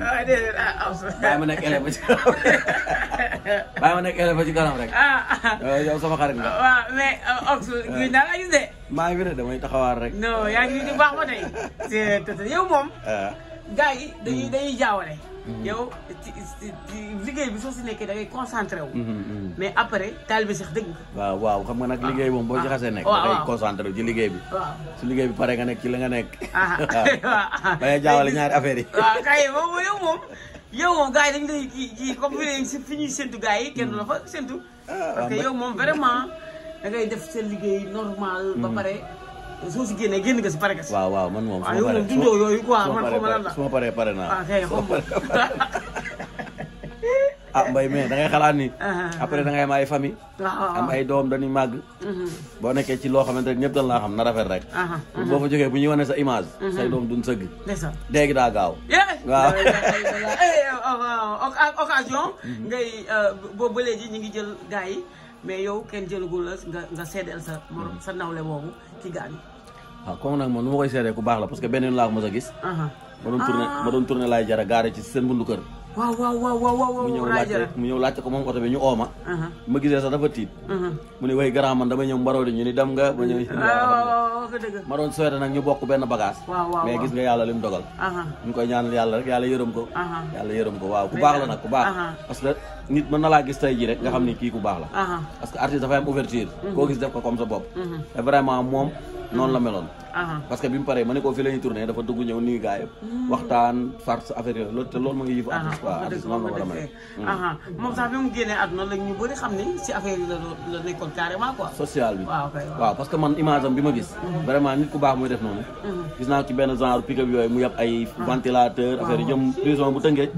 ah déedéet ah am na. bàyyi ma nekk élève ba ci kanam bàyyi ma nekk élève ba ci kanam rek. ah yow sama xarit nga. waaw mais euh, Ox ñu ah. daal la gis de. maa ngi fi de damay taxawaar rek. non yaa ngi nii di baax ba tey. yow moom. Ah. gars yi dañuy dañuy jaawale. Mm-hmm. yow liggéey bi soo si nekkee da ngay concentré mm-hmm, mm-hmm. mais après taal bi sax dëgg waaw waaw xam nga nag liggéey moom boo ci ah. xasee nekk. da ngay concentré ci liggéey bi. waaw liggéey bi pare nga nekk ci la nga nekk. Ah, ah, waaw da ngay ñaari affaire yi. waaw kay moom yow moom yow moom gars yi dañu lay kii kii fi ñuy séntu gars yi kenn du la fa séntu. parce yow moom vraiment dangay def seen liggéey normal. ba pare. so si gene gene kasi Wow, wow, man mo. Ayo mo Semua pare pare na. Ah, kaya hombo. ah mbay me da ngay xalaat ni après da ngay am ay famille am ay doom dañuy màgg boo nekkee ci loo xamante ñëpp dañ laa xam na rafet rek boo fa jógee bu ñuy wane sa image say doom duñ sëgg léegi daa gaaw waaw occasion ngay boo ba léegi mais yow kenn jëlagul la nga nga seedeel sa morom sa nawle boobu ci gaañu waaw ah, kooku nag moom nu ma koy seetee ku baax la parce que ko mos a gis. ma doon tourné ma doon tourné laay jara gaare moom oto ñu ooma. ma gisee sax dafa tiit. mu ne way grand man damay ñëw ñu ni dem nga. ma ñëw ah, ma doon souhaité nag ñu bokk benn bagage. mais gis nga yàlla li mu dogal. koy ñaanal yàlla rek yàlla yërëm ko. yàlla yërëm ko waaw ku baax la nag ku baax. parce que nit mën na laa gis tey ji rek nga xam ni kii ku baax la. parce que artiste dafay am ouverture. Mhm. koo gis def ko comme sa bopp. Mhm. te vraiment moom non la melon. parce que bi mu paree ma ne ko fii la dafa dugg ñëw nii gaa yëpp hmm. waxtaan farce affaire yooyu te loolu ma ngi yëfu noonu la war a mel hmm. moom sax bi mu génnee àdduna ñu bëri xam ni si affaire yi la la nekkoon carrément quoi social bi parce que man image am bi ma gis hmm. vraiment nit ku baax muy def noonu gis naa ci benn genre pick-up yooyu mu yab ay ah. ventilateur affaire yi jëm prison bu tëngeej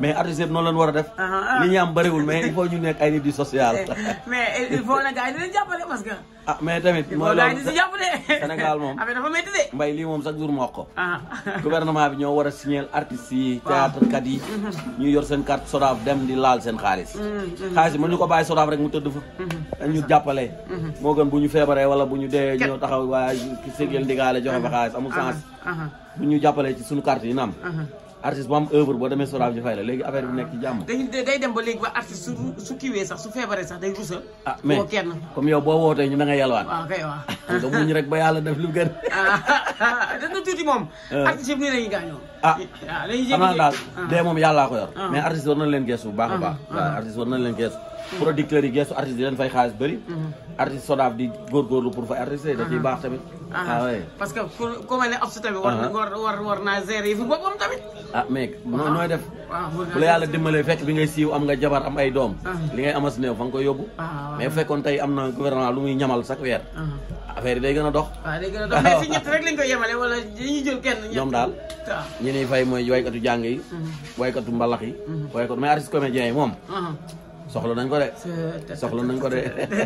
mais artiste war def li ah, ah. ñu am bëriwul mais il faut ñu nekk ay nit mais il faut la gars yi dinañ jàppale parce que ah mais tamit mooy loolu Sénégal moom bi dafa mbay lii moom chaque jour moo wax ko. Ah. gouvernement bi ñoo war a signer artistes yi. théâtre kat yi. Mm-hmm. ñuy yor seen carte SODAV dem di laal seen xaalis. Mm-hmm. xaalis mën ñu ko bàyyi SODAV rek mu tëdd fa. dañ mm-hmm. ñu jàppale. moo gën bu ñu feebaree wala bu ñu dee ñoo taxaw waa ki sëgeel ndigaale joxe fa uh-huh. xaalis amul uh-huh. sens. Uh-huh. bu ñu jàppale ci suñu carte yi naam. artiste bu am œuvre boo demee Soraab ji fay la léegi affaire bi nekk ci day dem ba léegi ba artiste su su kiiwee sax su feebaree sax day rusa. ah mais kenn comme yow boo wootee ñu da nga yalwaan. waaw kay rek ba yàlla def lu gën. dana moom. Euh. artiste yëpp nii la ñuy gaañoo. ah, ah xam naa daal ah. dee moom yàllaa ko yor. Ah. mais artiste war nañ leen geesu bu baax a baax. waaw war nañ leen geesu. producteurs yi geesu artistes yi dañ fay xaalis bëri. di góorgóorlu pour mhm. fay artistes daf ciy baax tamit. ah oui parce que pour war war war war naa gérer yi fi tamit. ah mais noo nooy def. bu la yàlla dimbalee fekk bi ngay siiw am nga jabar am ay doom. Ah. li ngay amas néew fa nga koy yóbbu. Ah, ah, mais fekkoon tey am na gouvernement lu muy ñamal chaque weer. affaire yi day gën a dox. waaw day gën dox mais si ñett rek lañ koy ya, wala dañuy jël kenn. ñoom daal ñi ñuy fay mooy waykatu jàng yi. Mhm. waykatu mbalax yi. Mhm. waykatu mais artistes comédiens yi soxla nañ ko de. Euh, soxla nañ ko de.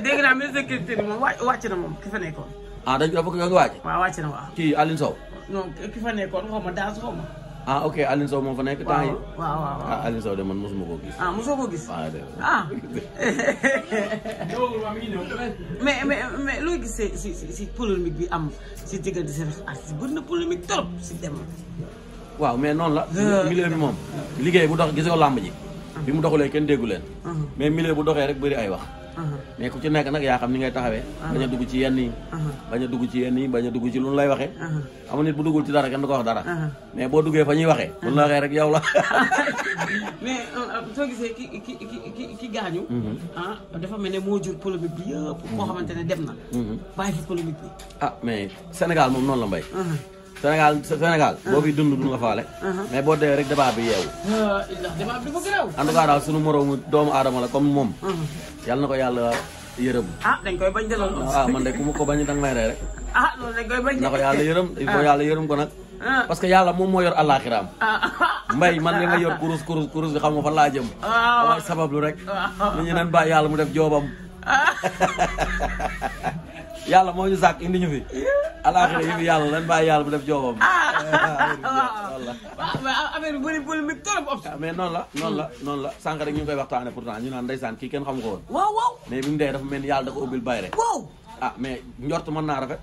dégg naa ministre culture moom wàcc na moom ki fa nekkoon. ah dañ ko dafa ko wàcc. waaw wàcc waaw. kii Aline Sow. non ki fa nekkoon xaw ma daas xaw ma. ah ok Aline Sow moo fa nekk temps yi. waaw waaw waaw ah, Aline koo gis. ah mosoo koo gis. waaw ah, de ah. mais mais mais gis si si si polémique bi am si diggante seen artiste bëri na polémique si dem. waaw mais noonu la. Euh, milieu moom euh. liggéey bu dox gisoo làmb ji. bi mu doxulee kenn déggu leen mais milieu bu doxee rek bëri ay wax mais ku ci nekk nag yaa xam ni ngay taxawee bañ a dugg ci yenn yi bañ a dugg ci yenn yi bañ a dugg ci lu nu lay waxee am nit bu duggul ci dara kenn du ko wax dara mais boo duggee fa ñuy waxee bu nu la waxee rek yow la mais euh, euh, soo gisee ki ki ki mhm. ah, moo mhm. dem na mhm. bàyyi fi polémique bi ah, mais Sénégal moom noonu la mbay Sénégal Sénégal ah. boo fi dund du nga faale ah. mais boo dee rek débat bi yeewu ah, en tout cas daal sunu moroomu doomu aadama la comme moom yàlla na ko yàlla yërëm ah dañ koy bañ de loolu ah man mu ko bañ danga may rey rek ah loolu dañ koy ko yàlla yërëm il faut yàlla yërëm ko nag parce que yàlla moom moo yor àllaaxiraam mbay man li nga yor kurus kurus kurus bi xam nga fan laa jëm waaw sabablu rek lu ñu naan bàyyi yàlla mu def joobam yàlla moo ñu sàkk indi ñu fi alaaxira yi yàlla lan bàyyi yàlla bu def joobam. ah waaw affaire bëri polémique ah, mais noonu la noonu la noonu la sànq rek ñu ngi koy waxtaanee pourtant ñu naan ndeysaan kii kenn xamu ko woon. waaw waaw mais bi mu dee dafa mel ni yàlla da ko ubbil bay rek. waaw ah mais njort mën naa rafet.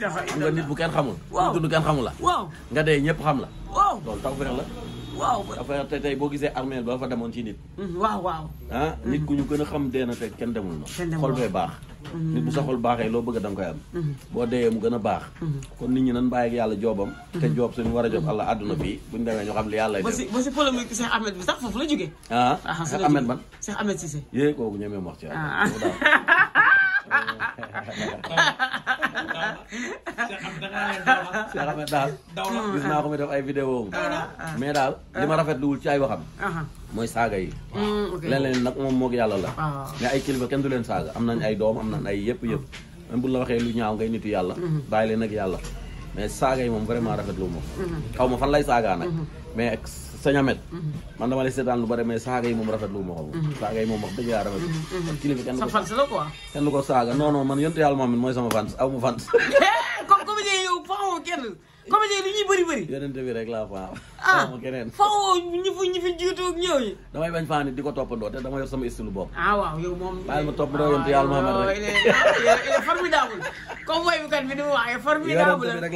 xam nga nit bu kenn xamul. waaw la. waaw nga dee ñëpp xam la. waaw loolu taw la. waaw dafa tey boo gisee armeel ba fa demoon ci nit. Mm, waaw waaw. Ah, nit ku ñu gën a xam dee na te kenn demul noonu. xol bee baax. Mm. nit bu sa xol baaxee loo bëgg da nga koy am. Mm-hmm. boo dee mu gën a baax. Mm-hmm. kon nit ñi nan bàyyi ak yàlla joobam. te mm-hmm. joob suñu war a joob allah àdduna fii buñu demee ñu xam li yàlla def. ba si ba si polémique Cheikh Ahmed bi sax foofu la jógee. ah Cheikh ba man Cheikh Ahmed Cissé. yéen kooku ñemee wax ci Cheikh Ahmed daal gis naa ko muy def ay vidéo mais daal li ma rafetluwul ci ay waxam mooy saaga yi mm, leneen nag moom moog yàlla la ah. mais ay kilifa kenn du leen saaga am nañ ay doom am nañ ay yëpp yëpp même bu la waxee lu ñaaw ngay nitu yàlla mm-hmm. bàyyi leen ak yàlla mais saaga yi moom vraiment rafetlu moom mm-hmm. xaw ma fan lay saagaa nag mm-hmm. mais sañ man dama lay seetaan lu bari mais saaga yi moom rafetlu ma ko. saaga yi moom wax dëgg yàlla rafetlu. Mm-hmm. parce que kilifa kenn du ko sa saaga non man yontu yàlla moom mooy sama fans aw fans. comédien li ñuy bëri bëri yonent bi rek laa faaw ah keneen faw ñi fi ñi fi bañ faa ni di ko toppandoo te dama sama istilu bopp ah waaw yow moom bàyyi ma toppandoo yonent yàlla ah, Muhammad rek il formidable comme woy bi kat bi ni mu waxee formidable yonent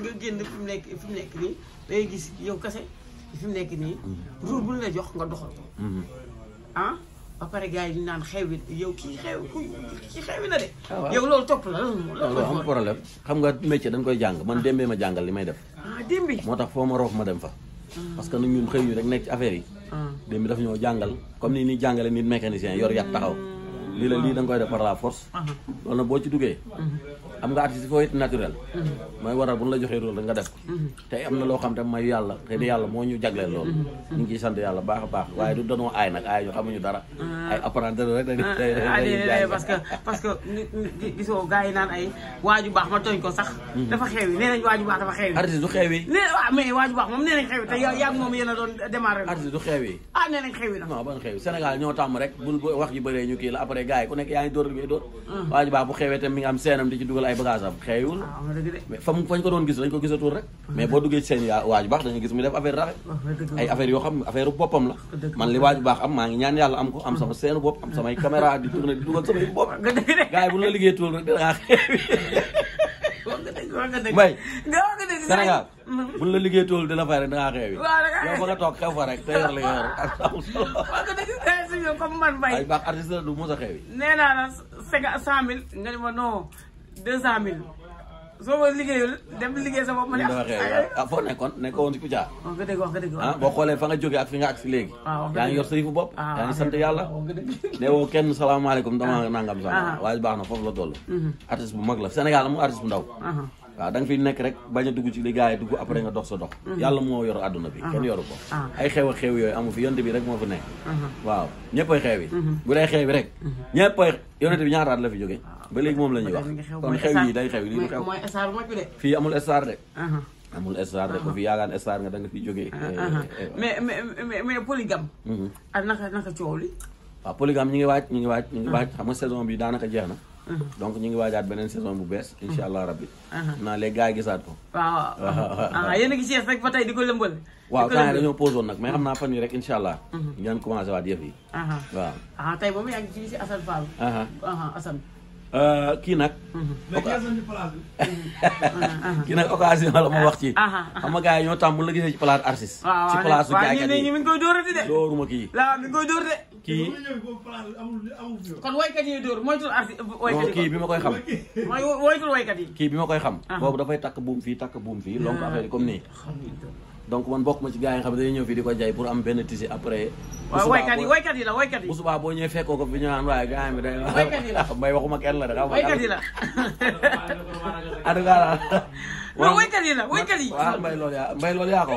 nga génn fi mu nekk mu nekk nii day gis yow kase fi nekk nii mhm. jox nga doxal ko mhm. ah ba pare gaa yi ñu naan xewwi yow kii xew kii xewwi na de. Ah, yow loolu topp la loolu am xam nga métier dañ koy jàng man ah. démbee ma jàngal li may def. Ah, démbi. moo tax foo ma roof ma dem fa. parce que nag ñun xëy ñu rek nekk ci affaire yi. démbi daf ñoo jàngal comme ni ñuy jàngale nit mécanicien yor yat taxaw. Mm. lii la lii da nga koy def par la force. loolu nag boo ci duggee. Mm-hmm. xam nga artiste foo it mooy waral bu ñu la joxee rôle nga def ko am na loo xam te mayu yàlla xëy na yàlla moo ñu jagleel loolu ñu ngi ciy sant a baax waaye du danoo aay nag aay ñu xamuñu dara ah. ay apprenti rek ah, ah, parce que parce que yi naan ay waaju baax ma tooñ ko sax mm-hmm. dafa xeewi nee nañ waaju baax dafa xeewi artiste du xeewi nee waaw mais yaag moom yéen a doon démarré artiste du xeewi ah nee nañ xeewi na non ban xeewi Sénégal ñoo tàmm rek bu wax yu bëree ñu kii la après gars yi ku nekk yaa ngi dóor bi dóor waaju baax bu xeewee tam mi nga am seenam di ci dugal ay ay bagage am xeeyul ah, mais fa mu fañ ko doon gis rek mais boo duggee seen waaju baax dañu gis mu def affaire raxe ay affaire yoo xam affaire la man li waaju baax am maa ngi ñaan yàlla am ko am sama liggéey tool rek da ngaa xeewi yow fa nga toog xew fa rek te yor li am solo a nga ne ma deux cent mille soo ma liggéeyul dem liggéey sa bopp ma ne ah. Ah, ah foo nekkoon nekkoon ci Kouthia wax nga dégg ah, boo xoolee fa nga jógee ak fi nga ak si léegi yaa ngi yor sa yëfu bopp yaa ngi sant yàlla ne woo kenn salaamaaleykum dama nangam sama baax na foofu la toll mhm. artiste bu mag la Sénégal amul artiste bu ndaw waaw da nga nekk rek bañ a dugg ci li gars yi dugg après nga dox sa dox mhm. yàlla moo yor àdduna bi kenn yoru ko ay xew a xew yooyu amu fi yonte bi rek moo fi nekk waaw ñëpp ay xew yi mhm. bu dee xew rek ñëpp ay yonte bi ñaata at la fi jógee ba léegi moom la ñuy wax kon xew yi day xew lii du xew fii amul star de amul star de ko fi yaagaan star nga da nga fi jógee eh, eh, eh. mais mais mais polygame mhm. ak ah, naka naka coow li waaw polygame ñi ngi waaj ñi ngi waaj ñi ngi waaj xam nga saison bi daanaka jeex na donc ñu ngi waajaat beneen saison bu bees insha allah rabbi naa léegi gars yi gisaat ko waaw waaw ah, yéen a ngi sees rek ba tey di ko lëmbal waaw temps yi dañoo pause woon nag mais xam naa fan yi rek insha allah ñu mhm. ngi commencé waat yëf yi waaw ah, tey boobu yaa ngi ci Assane Fall Assane Euh, kii nag. Ah, ah, ah. kii nag occasion wax ci. xam nga gars yi ñoo tàmm bu la gisee ci place artiste. ci place su jaaykat yi mi ngi koy dóorati de. dóoruma kii. la mi koy dóor de. kii kon euh, bi ma koy xam. mooy woytul woykat yi. kii bi ma koy xam. boobu dafay takk buum fii takk buum fii lonk affaire yi comme nii. donc man bokk ma ci gars yi nga xam ne dañuy ñëw fii di ko jaay pour am benn tissu après. waaw woykat yi woykat yi la woykat boo ñëwee fekkoo ko fi ñu naan waaye gars yi waxuma kenn la de xam nga. woykat yi la. aduka la. mbay loolu yaa mbay wax.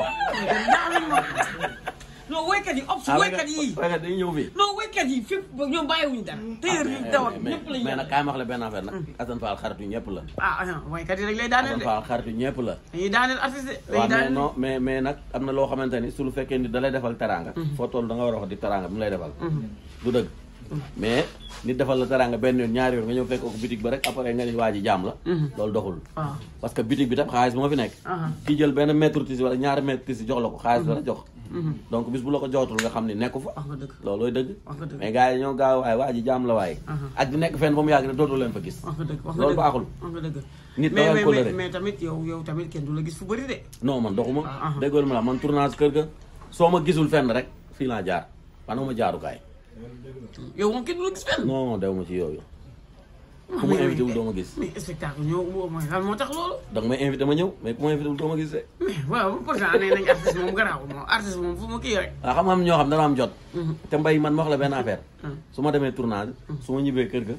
No woykat yi obs woykat yi woykat dañuy ñëw fii non woykat yi fépp ñoom bàyyiwuñu dara téer yi daw ak ñëpp la mais nag kaay wax la benn affaire nag Assane Fall xaritu ñëpp la ah woykat yi rek lay daaneel de Assane Fall xaritu ñëpp la dañuy daaneel artiste waaw mais non mais mais nag am na loo su lu fekkee ni da lay defal teranga foo toll da nga war wax di teranga bi mu lay defal du dëgg mais nit defal la teraanga benn yoon ñaari yoon nga ñëw fekk ko bitig ba rek après nga ne waa ji jaam la loolu doxul parce que bitig bi tam xaalis bu fi nekk kii jël benn mètre tisi wala ñaari mètre tisi jox la ko xaalis jox Mm-hmm. donc bis bu la ko jootul nga xam ne nekku fa loolooy dëgg mais gars yi ñoo gaaw waaye waa ji jaam la waaye ak di nekk fenn ba mu yàgg ne dootul leen fa gis loolu baaxul nit tamit yow yow tamit kenn du la gis fu bëri de non man doxuma ah, ah. déggool ma la man tournage kër ga soo ma gisul fenn rek fii laa jaar man ma jaarukaay yow moom kenn du la gis fenn non non dew ma ci yooyu ku ma invité wul doo ma gis. mais moo tax loolu. donc ma invité ma ñëw mais ku ma invité wul doo ma gis de. mais nga ah, am ñoo xam dana am jot. Mhm. te mbay man ma wax la benn affaire. Ah. su ma demee tournage. Mhm. su ma ñibbee kër ga.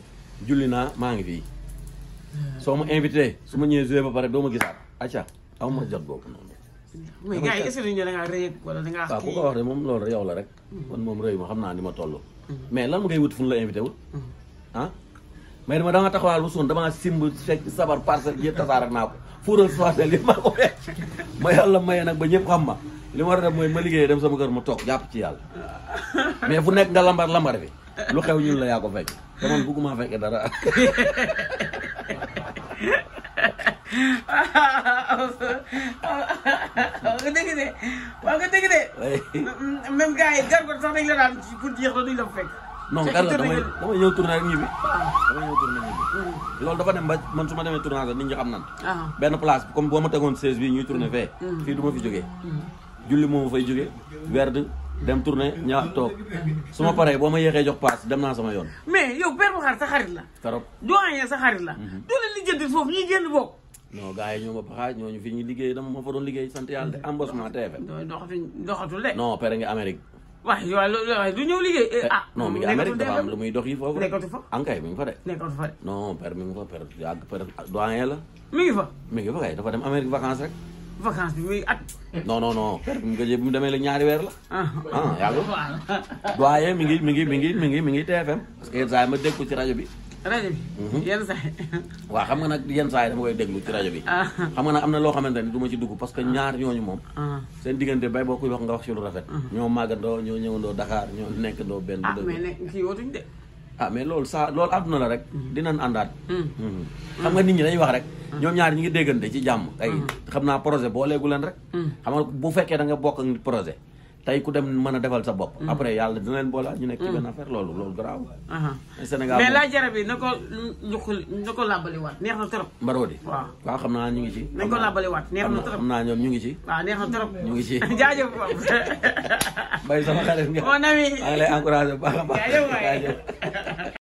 julli naa maa ngi fii. Ah. soo ma invité su ma ñëwee joué ba pare doo ma gisaat acca aw ma jot boobu noonu. mais gars yi est-ce que da ngaa rëy wala da moom loolu yow la rek. Mhm. kon moom rëy ma xam naa ni ma toll. mais lan ma koy wut fu la invité wul ah mais dama dama taxawal lu sonn damaa simb fekk sabar parcelle yëpp tasaare naa ko fuural soisel yëpp maa ma yàlla maye ba ñëpp xam ma li ma war a def mooy ma liggéeyee dem sama kër ma toog jàpp ci yàlla mais fu nekk nga lambar lambar bi lu xew ñun la yaa ko fekk te man bëgguma fekke dara waaw nga dégg de waaw nga yi gar ko sax dañ la daan pour jeex la duñ la fekk non Carla damay damay ñëw tourné rek ñibbi loolu dafa dem ba man su ma demee tournage nit ñi xam nan ah. benn place comme boo ma tegoon seize bii ñuy tourné fee mm. fii du ma fi jógee mm. julli moomu fay jógee werde dem tourné ñaar toog su ma paree boo ma yéexee jox paas dem naa sama yoon mais yow père Makhar sa xarit la trop doyen sa xarit la mm-hmm. doo leen lijjanti foofu ñuy génn bokk non gars yi ñoo ma baxaaj ñooñu fi ñu liggéey dama ma fa liggéey sant yàlla mm. de embauchement TFM doxatuñ waaye waaye loolu waaye du ñëw liggéey. Eh, eh, ah non mi ngi Amérique dafa am yi foofu. nekkatu fa ankay mi ngi fa de. nekkatu fa de. non père mi fa la. mi mi ngi fa kay dafa dem Amérique vacances rek. vacances bi muy at. non no non père bi mu demee la ñaari weer la. ah, ah yàggul doyen mi ngi mi ngi mi ngi mi ngi mi ngi TFM. parce que saa ma dégg ci rajo bi. rajo bi. Mhm. yenn saa yi. waaw xam nga nag yenn saa yi dama koy déglu ci rajo bi. Ah. xam nga nag am na loo xamante ni duma ci dugg parce que ah. ñaar ñooñu moom. Ah. seen diggante bay boo kuy wax nga wax ci lu rafet. Mhm. ñoo màggandoo ñoo ñëwandoo Dakar ñoo nekkandoo benn. ah mais ne kii wootuñ de. ah mais loolu saa loolu àdduna la rek. Mhm. dinañ àndaat. xam nga nit ñi dañuy wax rek. ñoom ñaar ñi ngi déggante ci jàmm. ay xam naa projet boo léegu leen rek. xam nga bu fekkee da nga bokk ak projet tey ku dem mën a defal sa bopp. Mhm. après yàlla dina leen boolaa ñu nekk ci mhm. benn affaire loolu loolu a Sénégal mais laa jarab yi na ko ñu ko na ko làbbaliwaat neex na trop. Marodi waa waaw xam naa ñu ngi ci. nañ ko làbbaliwaat neex na trop xam naa ñoom ñu ngi ci. waaw neex na trop ñu ngi ci. jaajëf Pape. Mbaye sama xarit nga. mon ami bu baax a baax.